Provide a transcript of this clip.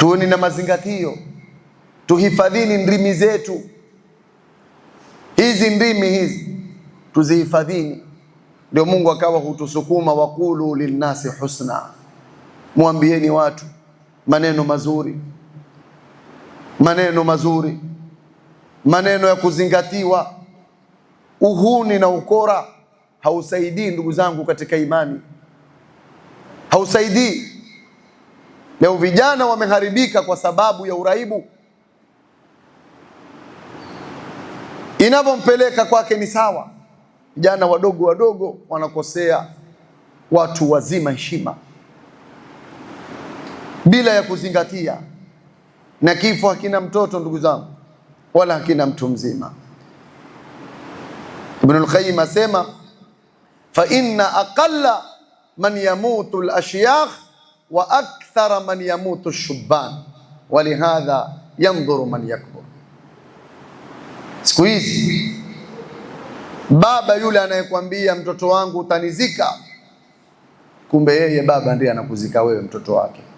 tuoni na mazingatio, tuhifadhini ndimi zetu hizi, ndimi hizi tuzihifadhini. Ndio Mungu akawa hutusukuma, waqulu linnasi husna, mwambieni watu maneno mazuri, maneno mazuri, maneno ya kuzingatiwa. Uhuni na ukora hausaidii ndugu zangu katika imani, hausaidii Leo vijana wameharibika kwa sababu ya uraibu, inavyompeleka kwake ni sawa. Vijana wadogo wadogo wanakosea watu wazima heshima bila ya kuzingatia, na kifo hakina mtoto ndugu zangu, wala hakina mtu mzima. Ibnul Qayyim asema fa inna aqalla man yamutu al ashyakh wa akthara man yamutu shubban lihadha yandhuru man yakbur. Siku hizi baba yule anayekwambia mtoto wangu utanizika, kumbe yeye baba ndiye anakuzika wewe mtoto wake.